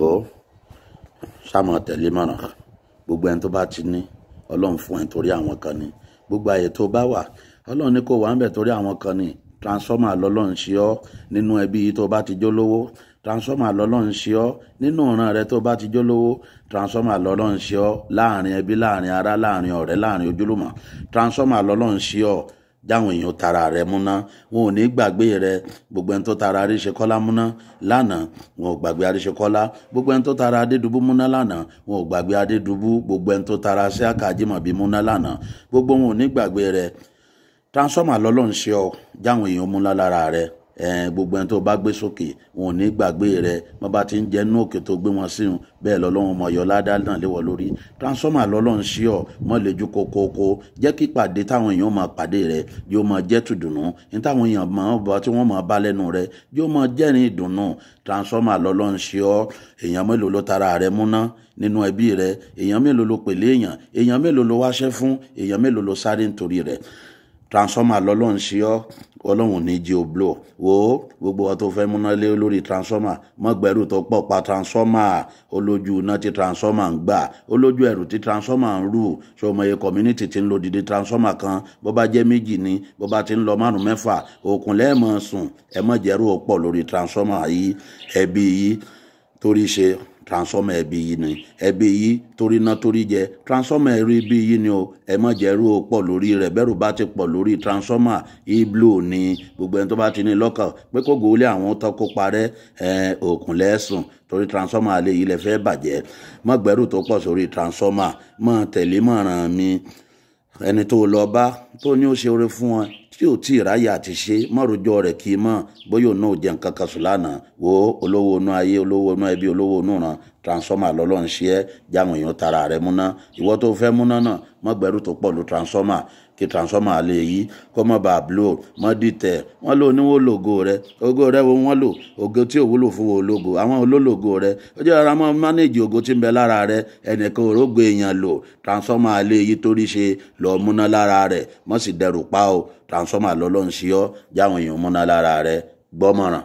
ó ṣàmọ̀ tẹ̀lé mọ̀ràn gbogbo ẹni tó bá ti ní ọlọ́run fún ẹ torí àwọn kan ni gbogbo àyè tó bá wà ọlọ́run ní kò wà ń bẹ̀ torí àwọn kan ni transformer lọ́lọ́run ṣe ọ́ nínú ẹbí yìí tó bá ti jólówó transformer lọ́lọ́run ṣe ọ́ nínú ọ̀ràn rẹ tó bá ti jólówó transformer lọ́lọ́run ṣe ọ́ láàrin ẹbí láàrin ará láàrin ọ̀rẹ́ láàrin ojúlùmọ̀ transformer lọ́lọ́run ṣe ọ́ jáwọn èèyàn tara rẹ múná wọn ò ní gbàgbé rẹ gbogbo ẹni tó tara àríṣekọ́lá múná lánàá wọn ò gbàgbé àríṣekọ́lá gbogbo ẹni tó tara adédubú múná lánàá wọn ò gbàgbé adédubú gbogbo ẹni tó tara sẹ́àkà àjìmọ̀bí múná lánàá gbogbo wọn ò ní gbàgbé rẹ transformer lọ́lọ́run ṣe ọ jáwọn èèyàn múná lára rẹ gbogbo ẹni tó bá gbé sókè wọn ò ní gbàgbé rẹ wọn bá ti ń jẹ inú òkè tó gbé wọn sí wọn bẹ́ẹ̀ lọ́lọ́run mọ ọyọ ládàá náà léwọ lórí transformer lọ́lọ́run sí ọ mọ lẹ́jú kokoko jẹ́ kí pàdé táwọn èèyàn máa pàdé rẹ yóò máa jẹ́ tùdùnnú ní táwọn èèyàn máa bọ tí wọ́n máa bá lẹ́nu rẹ yóò máa jẹ́rìn ìdùnnú transformer lọ́lọ́run sí ọ èèyàn mélòó ló tara rẹ múná nínú ẹbí rẹ èèyàn mélòó ló pèlè èèyàn èèyàn mélòó ló wáṣẹ́ fún èèyàn mélòó ló sáré nítorí rẹ transformer lọ́lọ́run sí ọ ọlọ́run ní jí o blow wo gbogbo wa tó fẹ́ múná lé lórí transformer mọ́gbẹ́rù tó pọ̀ pa transformer olójú iná tí transformer ń gbà olójú ẹ̀rù tí transformer ń rù so ọmọ iye community ti ń lo didi transformer kan bó bá jẹ́ méjì ni bó bá ti ń lọ márùn mẹ́fà òkun lẹ́ẹ̀mọ̀ sùn ẹ̀mọ̀ jẹ́rù ó pọ̀ lórí transformer yìí ẹbí yìí torí ṣe transformer ẹbí yìí ni ẹbí yìí torí ná torí jẹ transformer ẹbí yìí ni o ẹ má jẹrú o pọ̀ lórí rẹ̀ bẹ̀rù bá ti pọ̀ lórí transformer iblo ni gbogbo ẹni tó bá ti ní lọ́kàn pé kó gòólé àwọn tó kó parẹ́ òkun lẹ́sùn torí transformer alẹ́ yìí lẹ fẹ́ bàjẹ́ má gbẹ́rù tó pọ̀ sórí transformer má tẹ̀lé mọ̀ràn mi ẹni tó lọ bá tó ní ó ṣe oore fún ọ tí ò tí ì ráyè àti ṣe márùjọ rẹ̀ kì í mọ̀ bóyá òun náà jẹ nǹkan kan sùn lánàá wo olówó inú ayé olówó inú ẹbí olówó inú ràn transformer lọ́lọ́run ṣe é jáwọn èèyàn tara rẹ̀ múná ìwọ tó fẹ́ múná náà mọ́gbẹ́rú tó pọ̀ lu transformer kí transformer lè yí kó mọ́ bá blow mọ́ dìtẹ̀ wọ́n lò níwó lògo rẹ ògo rẹ wo wọ́n lò ògo tí ò wúlò fún wo lògo àwọn olólògo rẹ ó jẹ́ ara mọ́ manage ògo tí ń bẹ lára rẹ ẹnìkan òrógbé èèyàn lò transformer lè yí torí ṣe lọ́ọ́ múná lára rẹ mọ́ sì dẹrù pa o transformer lọ́lọ́ ń ṣe ọ́ jáwọn èèyàn múná lára rẹ gbọ́mọ̀ràn.